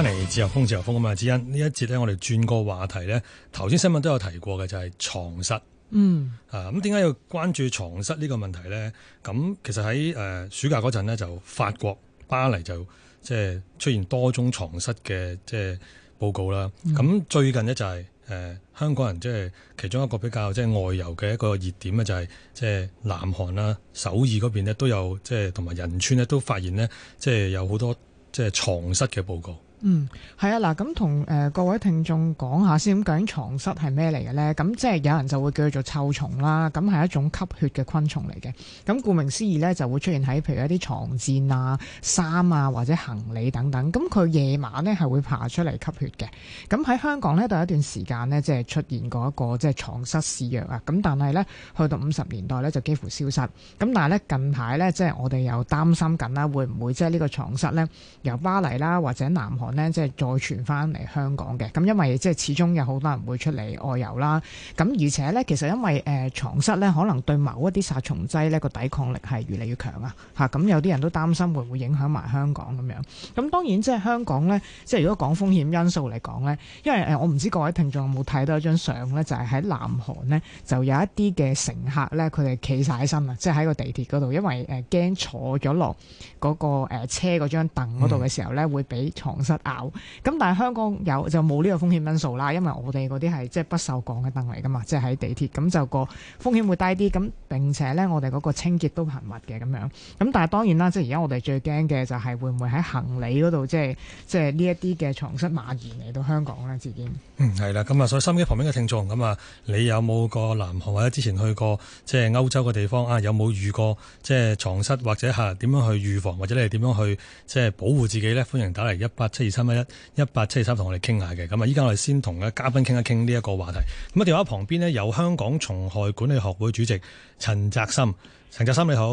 翻嚟自由風，自由風啊嘛！之欣呢一節咧，我哋轉個話題咧。頭先新聞都有提過嘅，就係、是、床蝨。嗯啊，咁點解要關注床蝨呢個問題咧？咁其實喺誒暑假嗰陣咧，就法國巴黎就即係出現多宗床蝨嘅即係報告啦。咁、嗯、最近呢、就是，就係誒香港人即係其中一個比較即係外遊嘅一個熱點咧，就係即係南韓啦、首爾嗰邊咧都有即係同埋仁川咧都發現咧即係有好多即係床蝨嘅報告。嗯，係啊，嗱，咁同誒各位聽眾講下先，究竟床蝨係咩嚟嘅咧？咁即係有人就會叫做臭蟲啦，咁係一種吸血嘅昆蟲嚟嘅。咁顧名思義咧，就會出現喺譬如一啲床墊啊、衫啊或者行李等等。咁佢夜晚咧係會爬出嚟吸血嘅。咁喺香港咧，有一段時間咧，即係出現過一個即係床蝨肆虐啊。咁但係咧，去到五十年代咧就幾乎消失。咁但係咧近排咧，即係我哋又擔心緊啦，會唔會即係呢個床蝨咧由巴黎啦或者南韓。即係再傳翻嚟香港嘅，咁因為即係始終有好多人會出嚟外遊啦，咁而且咧其實因為誒床蝨呢，咧可能對某一啲殺蟲劑咧個抵抗力係越嚟越強啊，咁有啲人都擔心會唔會影響埋香港咁樣，咁當然即係香港咧，即係如果講風險因素嚟講咧，因為我唔知各位聽眾有冇睇到一張相咧，就係喺南韓咧就有一啲嘅乘客咧佢哋企晒身啊，即係喺個地鐵嗰度，因為誒驚坐咗落嗰個誒車嗰張凳嗰度嘅時候咧會俾床蝨。咬。咁，但係香港有就冇呢個風險因素啦，因為我哋嗰啲係即係不鏽鋼嘅凳嚟噶嘛，即係喺地鐵咁就個風險會低啲。咁並且咧，我哋嗰個清潔都頻密嘅咁樣。咁但係當然啦，即係而家我哋最驚嘅就係會唔會喺行李嗰度，即係即係呢一啲嘅床蝨蔓延嚟到香港咧？自己，嗯係啦，咁啊，所以心機旁邊嘅聽眾，咁啊，你有冇過南韓或者之前去過即係歐洲嘅地方啊？有冇遇過即係床蝨或者係點樣去預防或者你係點樣去即係保護自己咧？歡迎打嚟一八七二一聊一八七二三，同我哋傾下嘅。咁啊，依家，我哋先同嘅嘉賓傾一傾呢一個話題。咁啊，電話旁邊呢，有香港蟲害管理學會主席陳澤森。陳澤森你好。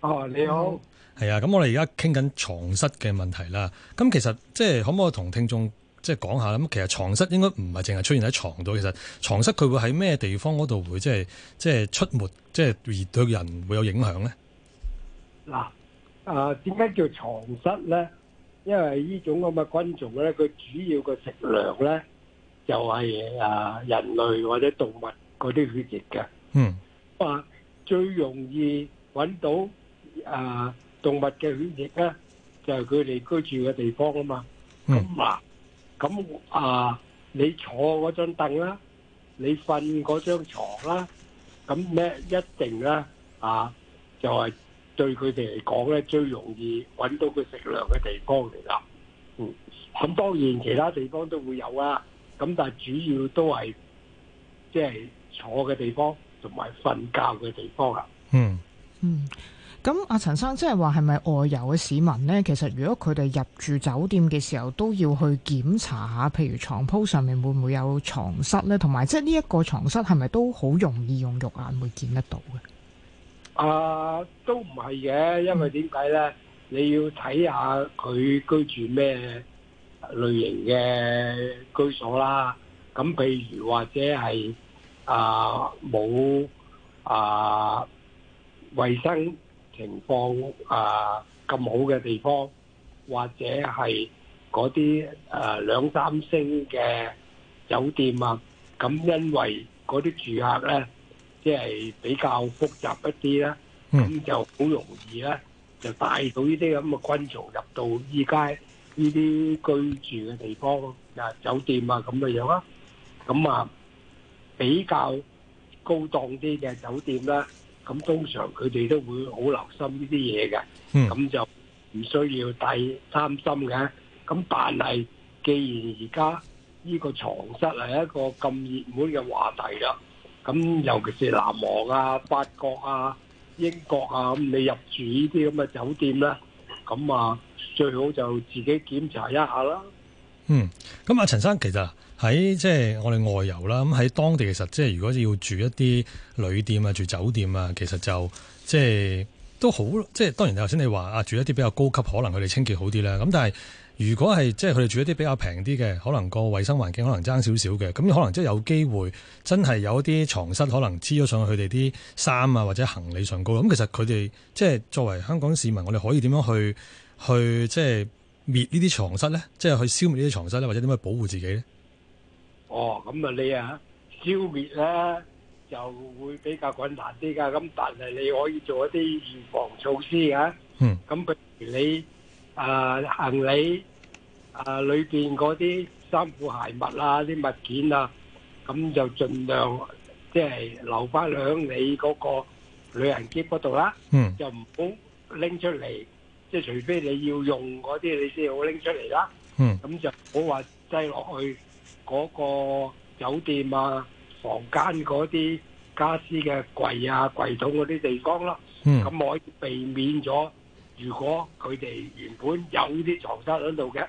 哦，你好。係啊，咁我哋而家傾緊床蝨嘅問題啦。咁其實即係可唔可以同聽眾即係講下？咁其實床蝨應該唔係淨係出現喺床度，其實床蝨佢會喺咩地方嗰度會即係即係出沒，即係對人會有影響呢？嗱、啊，誒，點解叫床蝨咧？因為呢種咁嘅昆蟲咧，佢主要嘅食糧咧就係啊人類或者動物嗰啲血液嘅。嗯。咁啊，最容易揾到啊動物嘅血液咧，就係佢哋居住嘅地方啊嘛。嗯。咁嗱，咁啊，你坐嗰張凳啦，你瞓嗰張床啦，咁咩一定咧啊，就係。對佢哋嚟講咧，最容易揾到佢食糧嘅地方嚟啦。嗯，咁當然其他地方都會有啊。咁但係主要都係即係坐嘅地方同埋瞓覺嘅地方啊。嗯。嗯嗯，咁阿陳生即係話係咪外遊嘅市民呢？其實如果佢哋入住酒店嘅時候，都要去檢查下，譬如床鋪上面會唔會有床蝨呢？同埋即係呢一個床蝨，係咪都好容易用肉眼會見得到嘅？啊，都唔係嘅，因為點解咧？你要睇下佢居住咩類型嘅居所啦。咁譬如或者係啊冇啊衞生情況啊咁好嘅地方，或者係嗰啲啊兩三星嘅酒店啊。咁因為嗰啲住客咧。即係比較複雜一啲啦，咁就好容易啦，就帶到呢啲咁嘅昆蟲入到依家呢啲居住嘅地方，啊酒店啊咁嘅樣啊，咁啊比較高檔啲嘅酒店啦，咁通常佢哋都會好留心呢啲嘢嘅，咁就唔需要太擔心嘅。咁但係既然而家呢個床蝨係一個咁熱門嘅話題啦。咁尤其是南韓啊、法國啊、英國啊，咁你入住呢啲咁嘅酒店啦，咁啊最好就自己檢查一下啦。嗯，咁啊，陳生其實喺即係我哋外遊啦，咁喺當地其實即係如果要住一啲旅店啊、住酒店啊，其實就即係、就是、都好即係。當然頭先你話啊，住一啲比較高級，可能佢哋清潔好啲啦。咁但係。如果係即係佢哋住一啲比較平啲嘅，可能個衞生環境可能爭少少嘅，咁可能即係有機會真係有一啲床蝨可能黐咗上去佢哋啲衫啊或者行李上高，咁其實佢哋即係作為香港市民，我哋可以點樣去去即係滅呢啲床蝨咧？即係去消滅呢啲床蝨咧，或者點樣去保護自己咧？哦，咁啊，你啊，消滅咧就會比較困難啲㗎，咁但係你可以做一啲預防措施㗎、啊。嗯，咁譬如你。啊、呃、行李、呃、裏面啊，裏邊嗰啲衫褲鞋襪啦，啲物件啊，咁就盡量即係留翻響你嗰個旅行篋嗰度啦。嗯，就唔好拎出嚟，即係除非你要用嗰啲，你先好拎出嚟啦。嗯，咁就唔好話擠落去嗰、嗰個酒店啊房間嗰啲家私嘅櫃啊櫃桶嗰啲地方咯。咁、嗯、可以避免咗。如果佢哋原本有呢啲牀蝨喺度嘅，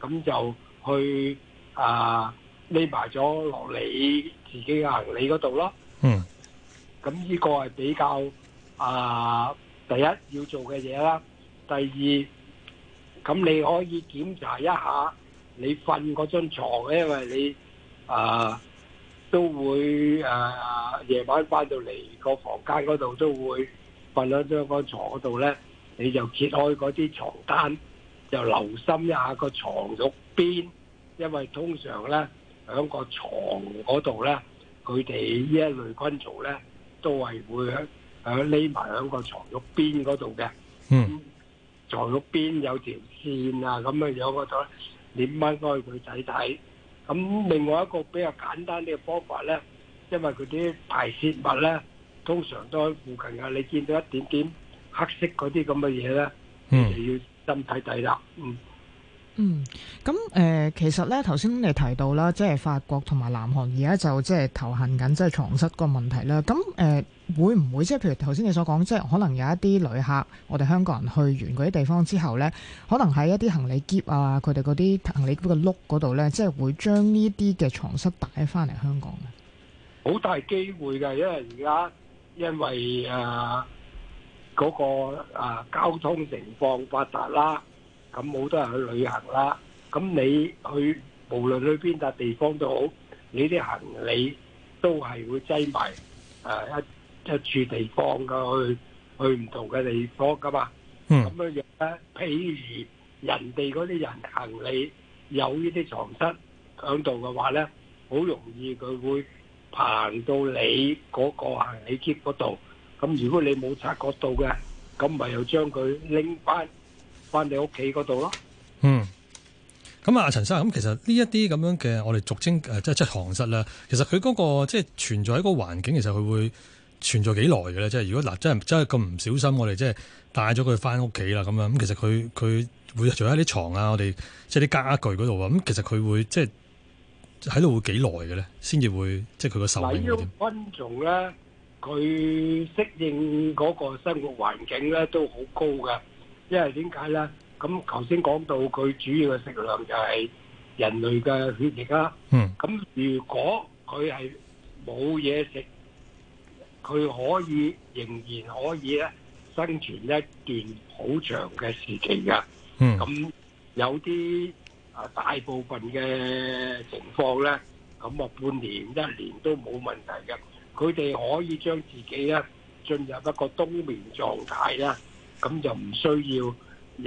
咁就去啊匿埋咗落你自己嘅行李嗰度咯。嗯，咁呢個係比較啊第一要做嘅嘢啦。第二，咁你可以檢查一下你瞓嗰張牀，因為你啊都會啊夜晚翻到嚟個房間嗰度都會瞓咗張嗰牀嗰度咧。你就揭開嗰啲床單，就留心一下個床褥邊，因為通常咧響個床嗰度咧，佢哋呢一類昆蟲咧都係會響響匿埋響個床褥邊嗰度嘅。嗯，牀褥邊有條線啊，咁樣樣嗰度，你掹開佢仔睇。咁另外一個比較簡單啲嘅方法咧，因為佢啲排泄物咧通常都喺附近嘅，你見到一點點，黑色嗰啲咁嘅嘢呢嗯體體，嗯，要心睇睇啦，嗯，嗯，咁、呃、誒，其實呢，頭先你提到啦，即係法國同埋南韓而家就即係頭痕緊，即係床蝨個問題啦。咁誒、呃，會唔會即係譬如頭先你所講，即係可能有一啲旅客，我哋香港人去完嗰啲地方之後呢，可能喺一啲行李篋啊，佢哋嗰啲行李篋嘅碌嗰度呢，即係會將呢啲嘅床蝨帶翻嚟香港嘅？好大機會嘅，因為而家因為啊。呃嗰個啊交通情況發達啦，咁好多人去旅行啦，咁你去無論去邊笪地方都好，你啲行李都係會擠埋誒一一處地方噶，去去唔同嘅地方噶嘛。咁樣樣咧，譬如人哋嗰啲人行李有呢啲床蝨響度嘅話咧，好容易佢會爬到你嗰個行李篋嗰度。咁如果你冇察覺到嘅，咁咪又將佢拎翻翻你屋企嗰度咯。嗯，咁啊，陳生咁，其實呢一啲咁樣嘅，我哋俗稱誒即係出行失啦。其實佢嗰個即係存在喺嗰個環境，其實佢會存在幾耐嘅咧？即係如果嗱，真係真係咁唔小心，我哋即係帶咗佢翻屋企啦。咁樣咁，其實佢佢會住喺啲床啊，我哋即係啲家具嗰度啊。咁其實佢會即係喺度會幾耐嘅咧，先至會即係佢個壽命。咧。佢適應嗰個生活環境咧都好高嘅，因為點解咧？咁頭先講到佢主要嘅食量就係人類嘅血液啦、啊。嗯。咁如果佢係冇嘢食，佢可以仍然可以咧生存一段好長嘅時期嘅、啊。嗯。咁有啲啊，大部分嘅情況咧，咁啊半年一年都冇問題嘅。佢哋可以將自己咧進入一個冬眠狀態啦，咁就唔需要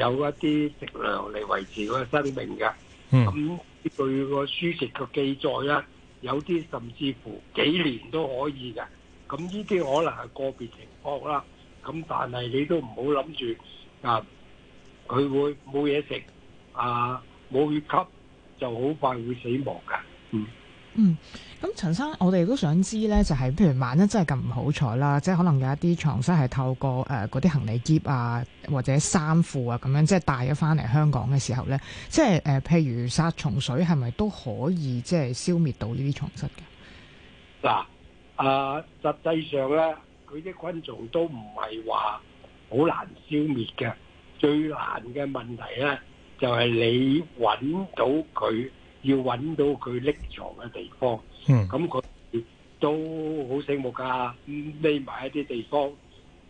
有一啲食糧嚟維持佢嘅生命嘅。咁據個書籍嘅記載咧，有啲甚至乎幾年都可以嘅。咁呢啲可能係個別情況啦。咁但係你都唔好諗住啊，佢會冇嘢食啊，冇血吸就好快會死亡嘅。嗯。嗯，咁陳生，我哋都想知呢，就係、是、譬如萬一真係咁唔好彩啦，即係可能有一啲床蝨係透過誒嗰啲行李篋啊，或者衫褲啊咁樣，即係帶咗返嚟香港嘅時候呢，即係誒、呃，譬如殺蟲水係咪都可以即係消滅到呢啲床蝨嘅？嗱，啊，呃、實際上呢，佢啲昆蟲都唔係話好難消滅嘅，最難嘅問題呢，就係、是、你揾到佢。要揾到佢匿藏嘅地方，咁佢、嗯、都好醒目噶，匿埋一啲地方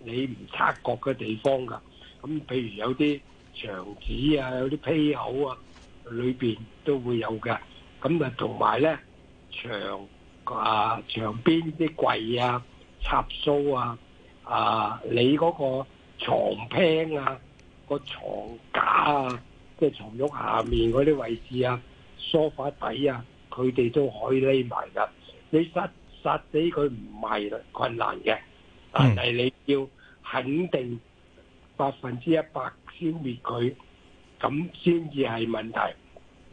你唔察覺嘅地方噶。咁譬如有啲牆紙啊，有啲批口啊，裏邊都會有嘅。咁啊，同埋呢牆啊，牆邊啲櫃啊、插蘇啊、啊，你嗰個床鋪啊、個床架啊，即係床褥下面嗰啲位置啊。梳化底啊，佢哋都可以匿埋噶。你殺殺死佢唔係困難嘅，但係你要肯定百分之一百消滅佢，咁先至係問題。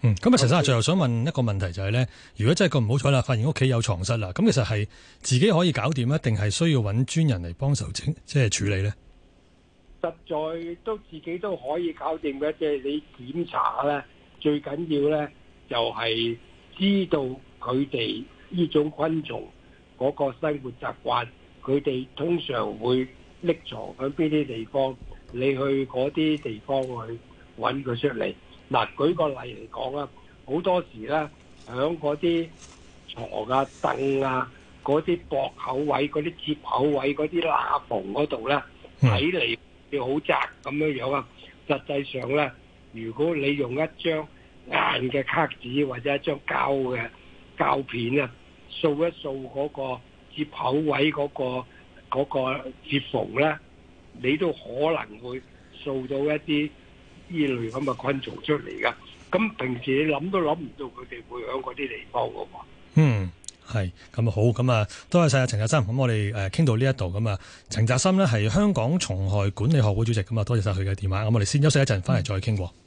嗯，咁啊，陳生最後想問一個問題就係咧，如果真係咁唔好彩啦，發現屋企有床蝨啦，咁其實係自己可以搞掂咧，定係需要揾專人嚟幫手整即係處理咧？實在都自己都可以搞掂嘅，即係你檢查咧，最緊要咧。就係知道佢哋呢種昆蟲嗰個生活習慣，佢哋通常會匿藏喺邊啲地方，你去嗰啲地方去揾佢出嚟。嗱、啊，舉個例嚟講啊，好多時咧喺嗰啲牀啊、凳啊、嗰啲駁口位、嗰啲接口位、嗰啲罅縫嗰度咧，睇嚟要好窄咁樣樣啊。實際上咧，如果你用一張硬嘅卡紙或者一張膠嘅膠片啊，掃一掃嗰個接口位嗰、嗰個嗰個接縫咧，你都可能會掃到一啲呢類咁嘅昆蟲出嚟噶。咁平時你諗都諗唔到佢哋會喺嗰啲地方噶嘛。好，嗯，係咁啊，好咁啊，多謝晒陳澤森。咁我哋誒傾到這裡呢一度咁啊，陳澤森咧係香港蟲害管理學會主席。咁啊，多謝晒佢嘅電話。我哋先休息一陣，翻嚟再傾喎。嗯